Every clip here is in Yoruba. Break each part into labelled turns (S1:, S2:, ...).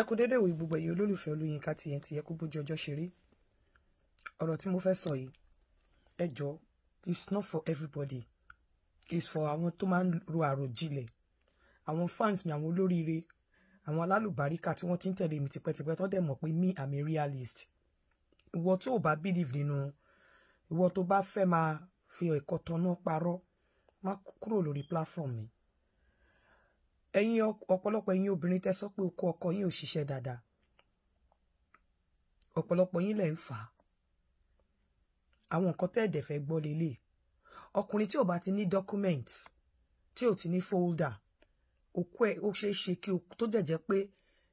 S1: ẹ kú déédéé wò gbogbo ẹ̀yin olólùfẹ́ olóyinka TNT ẹ kú bójú ọjọ́ ṣe rí ọ̀rọ̀ tí mo fẹ́ sọ yìí ẹ jọ it's not for everybody it's for àwọn tó máa ń ro àròjinlẹ̀ àwọn fans mi àwọn olóríire àwọn alálùbáríkà tí wọ́n ti ń tẹ̀lé mi tipẹ́tipẹ́ tó dẹ̀ mọ̀ pé me am a realist ìwọ tó o bá believe nínú ìwọ tó bá fẹ́ máa fi ẹ̀kọ́ tọ́nà parọ́ má kúrò lórí platform mi ẹ̀yin ọ̀pọ̀lọpọ̀ ẹ̀yin obìnrin tẹ́ sọ pé okó ọkọ yín ò ṣiṣẹ́ dáadáa ọ̀pọ̀lọpọ̀ yín lẹ̀ ń fà á àwọn nǹkan tẹ́ ẹ̀dẹ̀ fẹ́ gbọ́ lélẹ̀ ọkùnrin tí ò bá ti ní document tí ò ti ní folder okó ẹ̀ ó ṣeé ṣe kí o tó dẹ̀ jẹ́ pé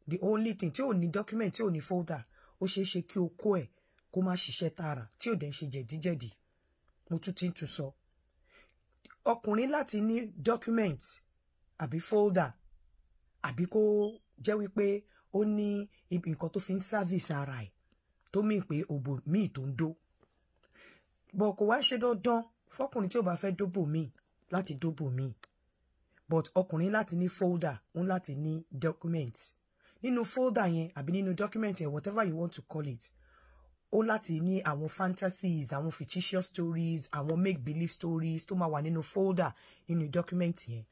S1: the only thing tí ò ní document tí ò ní folder ó ṣeé ṣe kí okó ẹ̀ kó má ṣiṣẹ́ tààrà tí ò dẹ̀ ń ṣe jẹ̀díjẹ̀dí mo tún ti ń tún sọ ọkùnrin láti ní document àbí folder àbí kó jẹ́ wípé ó ní nǹkan tó fi ń service ara ẹ̀ tó mì pé òbò míì tó ń dó bọ̀ kò wá ṣe dandan fọkùnrin tí ò bá fẹ́ dóbò míì láti dóbò míì but ọkùnrin láti ní folder òun láti ní document nínú folder yẹn àbí nínú document yẹn whatever you want to call it ó láti ní àwọn fantasies àwọn fictitious stories àwọn make believe stories tó máa wà nínú folder nínú document yẹn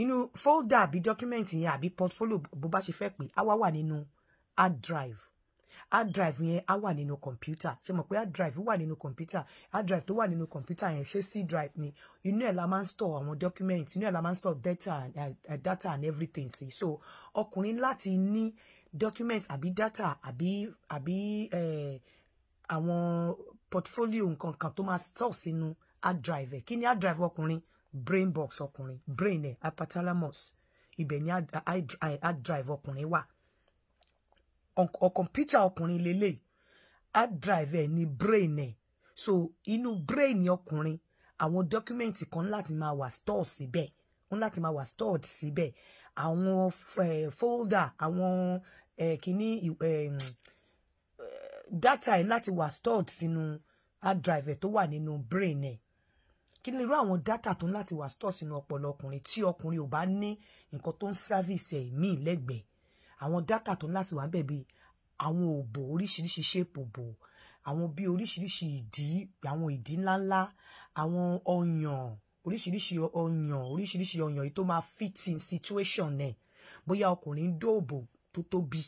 S1: inú fóldà àbí dọ́kímẹ́ǹtì yẹn àbí pọtifólò bó bá ṣe fẹ́ pé á wá wà nínú hard drive hard drive yẹn á wà nínú computer. ṣe mọ̀ pé hard drive wà nínú computer. hard drive tó wà nínú computer. yẹn ṣe c drive ni inú ẹ̀ la máa ń store àwọn document inú ẹ̀ la máa ń store data and data and everything sí so ọkùnrin láti ní document àbí data àbí àbí àwọn portfolio nǹkan kan tó máa store sínú hard drive ẹ̀ kí ni hard drive ọkùnrin brain box ọkùnrin brain ẹ̀ hypothalamus ibẹ̀ ni hard drive ọkùnrin wà kọ̀mpútà ọkùnrin lele hard drive ẹ̀ ni brain ẹ̀ so inú brain ọkùnrin àwọn dọ́kúmẹ̀ntì kan láti máa wà stored síbẹ̀ wọ́n láti máa wà stored síbẹ̀ àwọn folder àwọn kìíní mm, data ẹ̀ láti wà stored sínú hard drive ẹ̀ tó wà nínú brain ẹ̀ kí ni irú àwọn dátà tó ń láti wà store sínú ọpọlọ ọkùnrin tí ọkùnrin ò bá ní nǹkan tó ń sáfìsì ẹ̀mí lẹ́gbẹ̀ẹ́ àwọn dátà tó ń láti wà ń bẹ̀ bíi àwọn òbò oríṣiríṣi ṣéèpù òbò àwọn bíi oríṣiríṣi ìdí àwọn ìdí ńláńlá àwọn ọyàn oríṣiríṣi ọyàn oríṣiríṣi ọyàn yìí tó máa fit in situation náà bóyá ọkùnrin ń dó òbò tó tóbi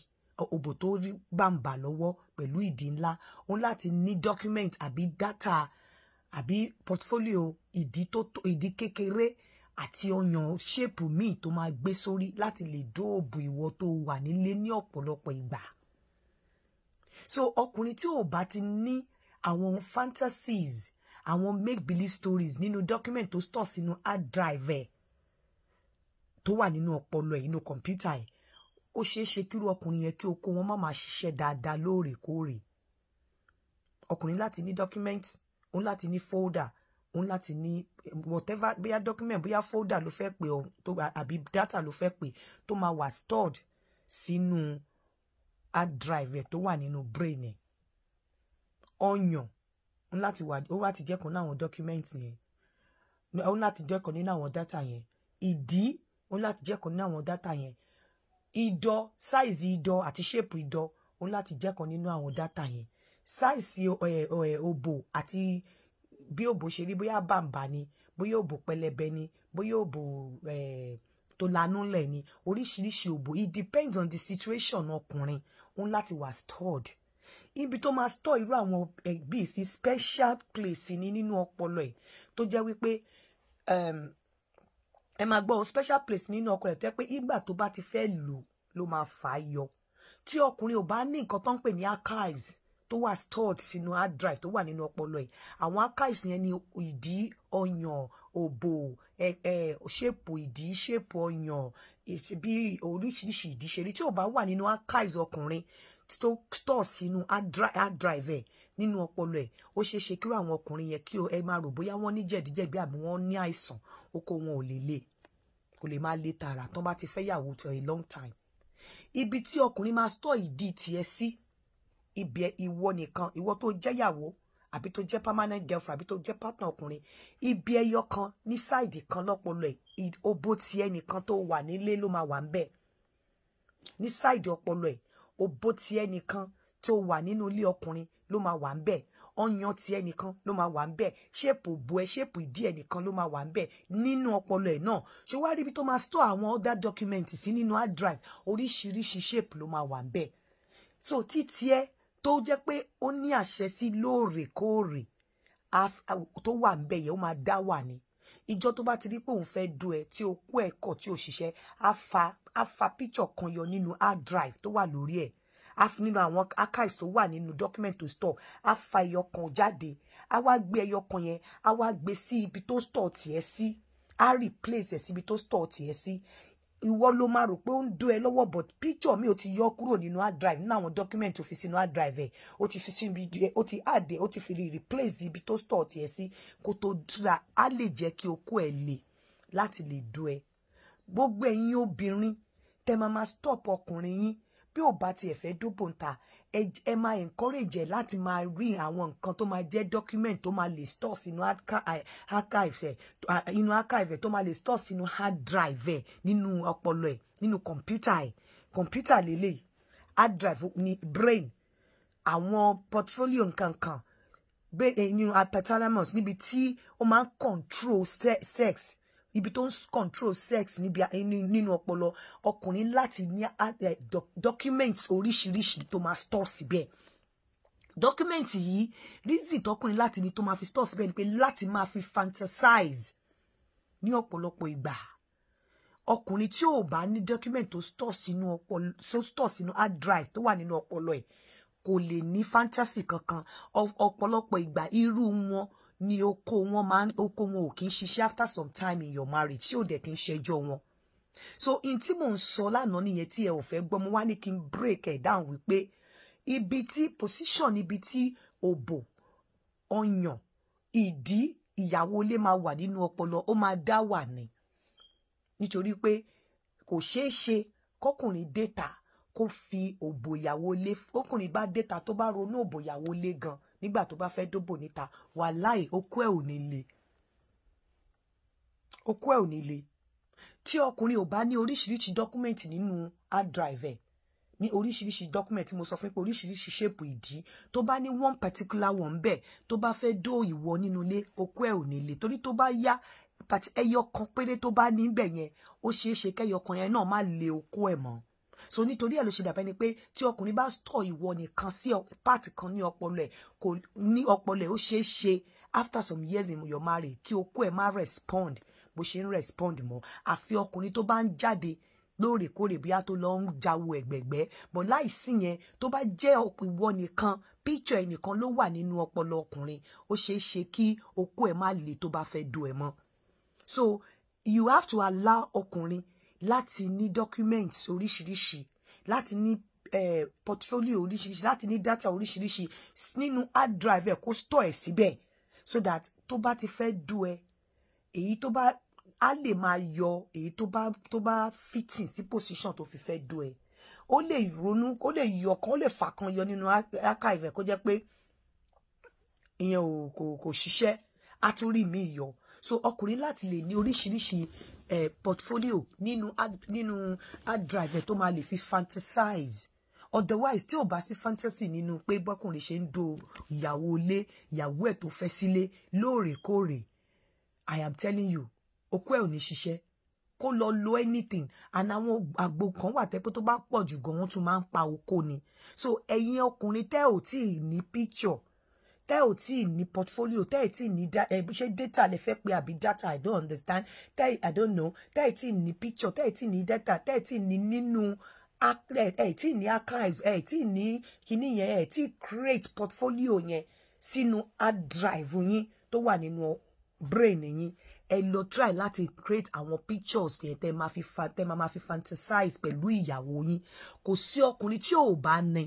S1: òbò tó rí bàǹbà lọ́wọ́ pẹ̀lú ìdí ńlá òun láti ní document àbí data àbí portfolio ìdí tó ìdí kékeré àti ọyàn ṣéèpù míì tó máa gbé sórí láti lè dóòbò ìwọ tó wà nílé ní ọ̀pọ̀lọpọ̀ ìgbà so ọkùnrin tí ò bá ti ní àwọn fantasies àwọn make believe stories nínú document tó store sínú hard drive ẹ̀ tó wà nínú ọpọlọ ẹ̀ nínú kọ̀ǹpútà ẹ̀ ó ṣeé ṣe kírú ọkùnrin yẹn kí oko wọn má máa ṣiṣẹ́ dáadáa lóòrèkóòrè ọkùnrin láti ní document òun láti ní folder òun láti ní whatever bóyá document bóyá folder ló fẹ́ pè ọ́ àbí data ló fẹ́ pè tó máa wà stored sínú hard drive ẹ̀ tó wà nínú brain ẹ̀ ọyàn òun láti wà ó wá ti jẹ́kọ̀ọ́ náà àwọn document yẹn òun láti jẹ́kọ̀ọ́ nínú àwọn data yẹn ìdí òun láti jẹ́kọ̀ọ́ nínú àwọn data yẹn ìdọ̀ size ìdọ̀ àti shape ìdọ̀ òun láti jẹ́kọ̀ọ́ nínú àwọn data yẹn sáìsì òbò eh, eh, àti bí òbò ṣe rí bóyá bàǹbà ni bóyá òbò pẹlẹbẹ ni bóyá òbò eh, tó lanú lẹ̀ ni oríṣiríṣi òbò it depends on the situation ọkùnrin òun láti wà stored ibi tó máa store irú àwọn ẹgbẹ́ sí special place ni nínú ọpọlọ ẹ̀ tó jẹ́ wípé ehm, ẹ máa gbọ́ special place nínú ọkọ ẹ̀ tó yẹ pé ìgbà tó bá ti fẹ́ lò ló máa fà á yọ tí ọkùnrin ò bá ní nǹkan tó ń pè ní archives tó wà stored sínú hard drive tó wà nínú ọpọlọ ẹ̀ àwọn archives yẹn ni ìdí ọyàn òbò ẹ ẹ ṣèpò ìdí ṣèpò ọyàn bí oríṣiríṣi ìdí ṣe rí tí ò bá wà nínú archives ọkùnrin tó store sínú hard drive ẹ̀ nínú ọpọlọ ẹ̀ ó ṣeé ṣe kí àwọn ọkùnrin yẹn kí ẹ máa rò bóyá wọ́n ní jẹ̀díjẹ̀bi àbí wọ́n ní àìsàn oko wọn ò lè le kò lè máa le tààrà tán bá ti fẹ́ yàwó for a long time ibi tí ọkùnrin máa store ìdí tiẹ̀ sí ibi ìwọ nìkan ìwọ tó jẹ́yàwó àbí tó jẹ́ permanent girlfriend àbí tó jẹ́ partner ọkùnrin ibi ẹyọ kan ní sáìdì kan lọ́pọlọ ẹ̀ obo ti ẹnìkan tó wà nílé ló máa wà ń bẹ̀ ní sáìdì ọpọlọ ẹ̀ obo ti ẹnìkan tó wà nínú ilé ọkùnrin ló máa wà ń bẹ̀ ọyàn ti ẹnìkan ló máa wà ń bẹ̀ ṣéèpù bu ẹ ṣéèpù ìdí ẹnìkan ló máa wà ń bẹ̀ nínú ọpọlọ ẹ̀ náà ṣé wàá rí ibi tó máa store àwọn other documents sí nínú hard drive oríṣiríṣi ṣéèpù ló máa wà ń bẹ̀ so títí ẹ tó jẹ́ pé ó ní àṣẹ sí lóòrèkóòrè tó wà ń bẹ yẹn ó máa dá wà ní ìjọ tó bá ti rí pé òun fẹ́ du ẹ tí o kó ẹ̀kọ́ tí o ṣiṣẹ́ á fa á kan yọ nínú hard drive tó wà lórí ẹ̀ á fi nínú àwọn archives tó wà nínú document to store á fa ẹyọ kan jáde á wá gbé ẹyọ kan yẹn á wá gbé sí ibi tó store tiẹ̀ sí á replace ẹ̀ síbi tó store tiẹ̀ sí ìwọ ló máa rò pé ó ń dó ẹ lọ́wọ́ but picture mi ò ti yọ kúrò nínú hard drive nínú àwọn document ó fi sínú hard drive ẹ̀ ó ti fi síbi ẹ̀ ó ti add ẹ̀ ó ti fi replace ibi tó store tiẹ̀ sí kó tó dúra á lè jẹ́ kí okó ẹ̀ lè láti lè dó ẹ gbogbo ẹ̀yin obìnrin tẹ́ máa máa stop ọkùnrin yín bí ò bá tiẹ̀ fẹ́ dóbò ń ta ẹ máa encourage ẹ láti máa rí àwọn nǹkan tó máa jẹ́ document tó máa lè store sínú archives ẹ inú archive ẹ tó máa lè store sínú hard drive ẹ nínú ọpọlọ ẹ nínú computer ẹ computer lélẹ̀ hard drive ní brain àwọn portfolio nkankan gbé eh, nínú hypothalamus níbi tí ó máa ń control sex ibi tó ń control sex níbi nínú ọpọlọ ọkùnrin láti ní documents oríṣiríṣi tó máa store síbẹ̀ dọ́kúmẹ̀ntì yìí reason tọkùnrin láti ní tó máa fi store síbẹ̀ ni pé láti máa fi fantasize ní ọ̀pọ̀lọpọ̀ ìgbà ọkùnrin tí ò bá ní document tó store sínú ọpọlọ tó store sínú hard drive tó wà nínú ọpọlọ ẹ̀ kò lè ní fantasy kankan ọ̀pọ̀lọpọ̀ ìgbà irú wọn ni oko wọn máa oko wọn ò kí ń ṣiṣẹ́ after some time in your marriage tí ò dẹ̀ kí ń ṣẹjọ́ wọn so in tí mò ń sọ lánàá nìyẹn tí ẹ ò fẹ́ gbọ́ mo wá ní kí n break ẹ̀ down wípé ibi tí position ibi tí òbò ọyàn ìdí ìyàwó ilé máa wà nínú ọpọlọ ó máa dá wà ní nítorí pé kò ṣeé ṣe kọkùnrin déta kó fi òbò ìyàwó ilé kọkùnrin bá déta tó bá ronú òbò ìyàwó ilé gan-an nígbà tó bá fẹ́ dóbò níta wàláì okú ẹ̀ ò ní le okú ẹ̀ ò ní le tí ọkùnrin ò bá ní oríṣiríṣi dọ́kúmẹ̀ntì nínú hard drive ẹ̀ ní oríṣiríṣi document mo sọ fún pé oríṣiríṣi ṣépù ìdí tó bá ní one particular one bẹ́ẹ̀ tó bá fẹ́ dó ìwọ nínú ilé okú ẹ̀ ò ní le torí tó bá yá ẹyọ kan péré tó bá níbẹ̀ yẹn ó ṣeé ṣe kẹyọ kan yẹn náà má le okú ẹ̀ mọ́ so nítorí ẹ̀ ló ṣe dàbẹ́ ni pé tí ọkùnrin bá tọ̀ ìwọ nìkan sí pàtì kan ní ọpọlọ ẹ̀ kò ní ọpọlọ ẹ̀ ó ṣeé after some years in your marriage kí okó ẹ̀ má respond bó ṣe ń respond mọ́ àfi ọkùnrin tó bá ń jáde lóòrèkóòrè bóyá tó lọ ń jawo ẹgbẹgbẹ bọ láìsí yẹn tó bá jẹ ìwọ nìkan píkṣọ ẹnìkan ló wà nínú ọpọlọ ọkùnrin ó ṣeé ṣe kí okó ẹ̀ má le tó bá fẹ́ do ẹ mọ́ so you have to allow ọkùnrin láti ní documents oríṣiríṣi láti ní eh, portfolio oríṣiríṣi láti ní data oríṣiríṣi nínú hard drive ẹ kó store ẹ síbẹ̀ so that tó bá ti fẹ́ du ẹ èyí tó bá a lè máa yọ èyí tó bá tó bá fitting sí position tó fi fẹ́ du ẹ ó lè ronú ó lè yọ kan ó lè fà kan yọ nínú archive ẹ kó jẹ́ pé ìyẹn ò kò kò ṣiṣẹ́ a tún rí mi yọ so ọkùnrin láti lè ní oríṣiríṣi eh, portfolio nínú nínú hard drive tó máa lè fi fantasize otherwise tí ò bá sí fantasy nínú pé bọ́kùnrin ṣe ń do ìyàwó ilé ìyàwó ẹ̀ tó fẹ́ sílé lóòrèkóòrè i am telling you okú ẹ̀ ò ní ṣiṣẹ́ kó lọ lo anything and àwọn àgbo kan wà tẹ́pẹ́ tó bá pọ̀ jù gan wọ́n tún máa ń pa oko ni so ẹ̀yin ọkùnrin tẹ́ ò tí ì ní picture tẹ́ ò tí ì ní portfolio tẹ́ ì tí ì ní ṣé data lè fẹ́ pé àbí data i don't understand tẹ́ ì i don't know tẹ́ ì tí ì ní picture tẹ́ ì tí ì ní data tẹ́ ì tí ì ní nínú ẹ̀ tí ì ní archives ẹ̀ tí ì ní kíní yẹn ẹ̀ tí create portfolio yẹn sínú hard drive yín tó wà nínú brain yín ẹ lọ try láti create àwọn pictures yẹn tẹ́ máa fi fantasize pẹ̀lú ìyàwó yín kò sí ọkùnrin tí ò bá ní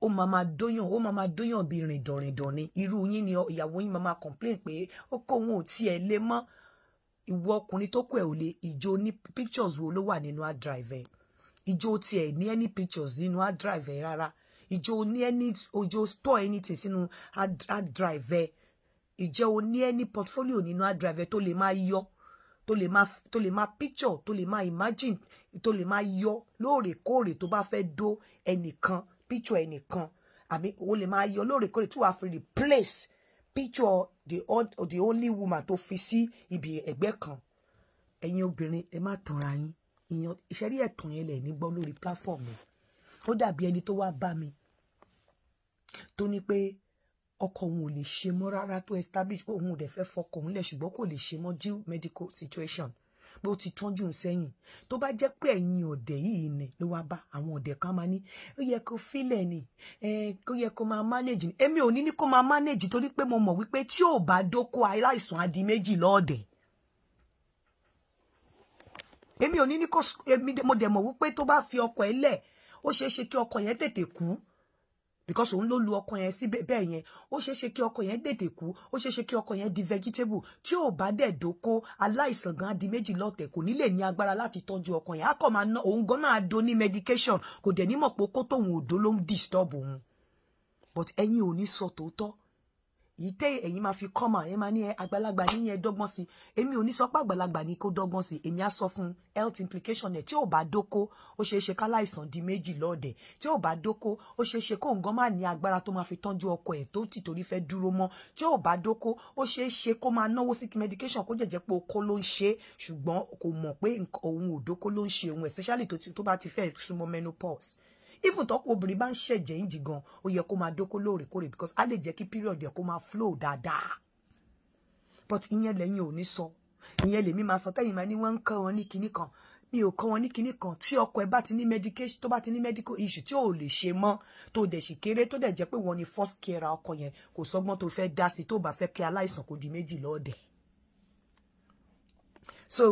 S1: ó máa máa dóyàn ó máa máa dóyàn bíi rìndọ̀rìndọ̀ ni irú yín ni ìyàwó yín máa máa complain pé ó kó òun ò tiẹ̀ lé mọ́ ìwọ ọkùnrin tó kọ ẹ̀ ò lè ìjó ní pictures wo ló wà nínú hard drive ẹ̀ ìjó tiẹ̀ ní any pictures nínú hard drive ẹ̀ rárá ìjó ní any ojo store anything sínú hard drive ẹ̀ ìjẹ́ o ní any portfolio nínú hard drive ẹ̀ tó lè máa yọ tó lè tó lè máa picture tó lè máa imagine tó lè máa yọ lóòrèkóòrè tó bá fẹ́ dó ẹnìkan picture ẹnìkan àbí o lè máa yọ lóòrèkóòrè tí wàá fi replace picture the, the only woman tó fi sí ibi ẹ̀gbẹ́ kan ẹ̀yin obìnrin ẹ má tanra yín ìyàn ìṣẹ́rí ẹ̀tàn yẹn lẹ̀ ní gbọ́ lórí platform mi ó dàbí ẹni tó wá bá mi tó ní pé ọkọ òun ò lè ṣe mọ́ rárá tó establish pé òun ò dẹ̀ fẹ́ fọkọ òun lẹ̀ ṣùgbọ́n kò lè ṣe mọ́ due medical situation pé ó ti tọ́jú sẹ́yìn tó bá jẹ́ pé ẹ̀yin ọ̀dẹ̀ yìí ni ló wá bá àwọn ọ̀dẹ̀ kan máa ní ó yẹ kó fílẹ̀ ni ó yẹ kó máa manage ni èmi ò ní ní kó máa manage torí pé mo mọ̀ wípé tí ò bá dóko aláìsàn adi méjì lọ́ọ̀dẹ̀ èmi ò ní ní kó mo dẹ̀ mọ̀ wípé tó bá fi ọkọ̀ ẹ̀ lẹ̀ ó ṣeé kí ọkọ̀ yẹn tètè kú because òun ló lu ọkọ yẹn sí bẹ́ẹ̀ yẹn ó ṣeé ṣe kí ọkọ yẹn dètè kú ó ṣeé ṣe kí ọkọ yẹn di vegetable tí ò bá dẹ̀ dóko aláìsàn gan di méjì lọ́tẹ̀ kò ní lè ní agbára láti tọ́jú ọkọ yẹn akọ máa ná òun gan náà do ní medication kò dẹ̀ nímọ̀ pé kó tóun òdo ló ń disturb òun but ẹ̀yin ò ní sọ tòótọ́ yìí tẹ́ ẹ̀yin máa fi kọ́mà ẹ máa ní ẹ àgbàlagbà ní yẹn dọ́gbọ́n sí èmi ò ní sọ pé àgbàlagbà ní kó dọ́gbọ́n sí èmi á sọ fún health implication ẹ̀ tí ò bá dóko ó ṣeé ṣe káláìsàn di méjì lọ́ọ̀dẹ̀ tí ò bá dóko ó ṣeé ṣe kóun gan máa ní agbára tó máa fi tọ́jú ọkọ ẹ̀ tó tìtorí fẹ́ dúró mọ́ tí ò bá dóko ó ṣeé ṣe kó máa náwó sí medication kó jẹ̀jẹ̀ pé okó ló ń ṣe ṣùgbọ́n kò mọ̀ pé òun ò dóko ló ń ṣe òun especially tó bá ti fẹ́ súnmọ́ menopause even tọ́kọ obìnrin bá ń ṣẹ̀jẹ̀ ń jì gan ó yẹ kó máa dóko lóòrèkóòrè because á lè jẹ́ kí period yẹ kó máa flow dáadáa but ìyẹn lẹ́yìn ò ní sọ ìyẹn lèmi máa sọ tẹ́yìn máa ní wọ́n ń kọ́ wọn ní kinní kan mi ò kọ́ wọn ní kinní kan tí ọkọ ẹ bá ti ní medication tó bá ti ní medical issue tí ò lè ṣe mọ́ tó dẹ̀ sì kéré tó dẹ̀ jẹ́ pé wọ́n ní first care ọkọ yẹn kò sọ́gbọ́n tó fẹ́ dá sí tó bá fẹ́ kí aláìsàn kò di méjì lọ́ọ̀dẹ̀ so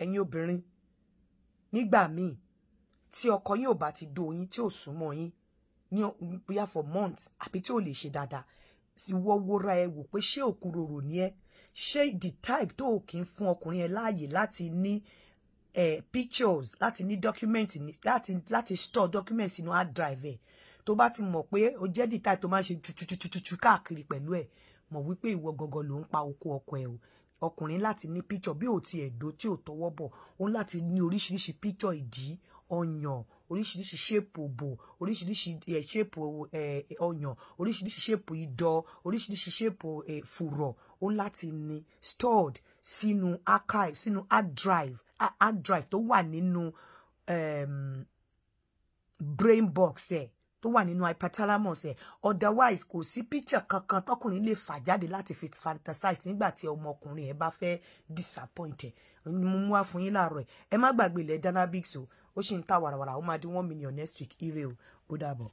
S1: ẹ̀yin obìnrin nígbà míì tí ọkọ yín ò bá ti do yín tí ò súnmọ́ yín ní bóyá for months àbí tí ò lè ṣe dáadáa ti wọ́wọ́ra ẹ wò pé ṣé òkúròrò ni ẹ ṣé the type tó kì í fún ọkùnrin ẹ láàyè láti ní eh, pictures láti ní document láti láti store document sínú hard drive ẹ tó bá ti mọ̀ pé o jẹ́ the type tó máa ń ṣe tututututu káàkiri pẹ̀lú ẹ mọ̀ wípé ìwọ gangan ló ń pa oko ọkọ ẹ o ọkùnrin láti ní picture bí ò ti ẹ̀dọ́ tí ò tọwọ́ bọ̀ ó láti ní oríṣiríṣi picture ìdí ọyàn oríṣiríṣi ṣéèpù òbò oríṣiríṣi ṣéèpù eh, eh, ọyàn oríṣiríṣi ṣéèpù idọ̀ oríṣiríṣi ṣéèpù eh, fùrọ̀ ó láti ní stored sínú archive sínú hard drive hard drive tó wà nínú ehm, brain box ẹ̀ tó wà nínú hypothalamus ẹ̀ otherwise kò sí picture kankan tọkùnrin lè fà jáde láti fi fantasize nígbà tí ọmọkùnrin ẹ̀ bá fẹ́ disappoint mo mú wá fún yín láàárọ̀ ẹ̀ ẹ má gbàgbé ilẹ̀ danabix o ó sì ń ta wàràwàrà ó máa di one million next week ire o ó dàbọ̀.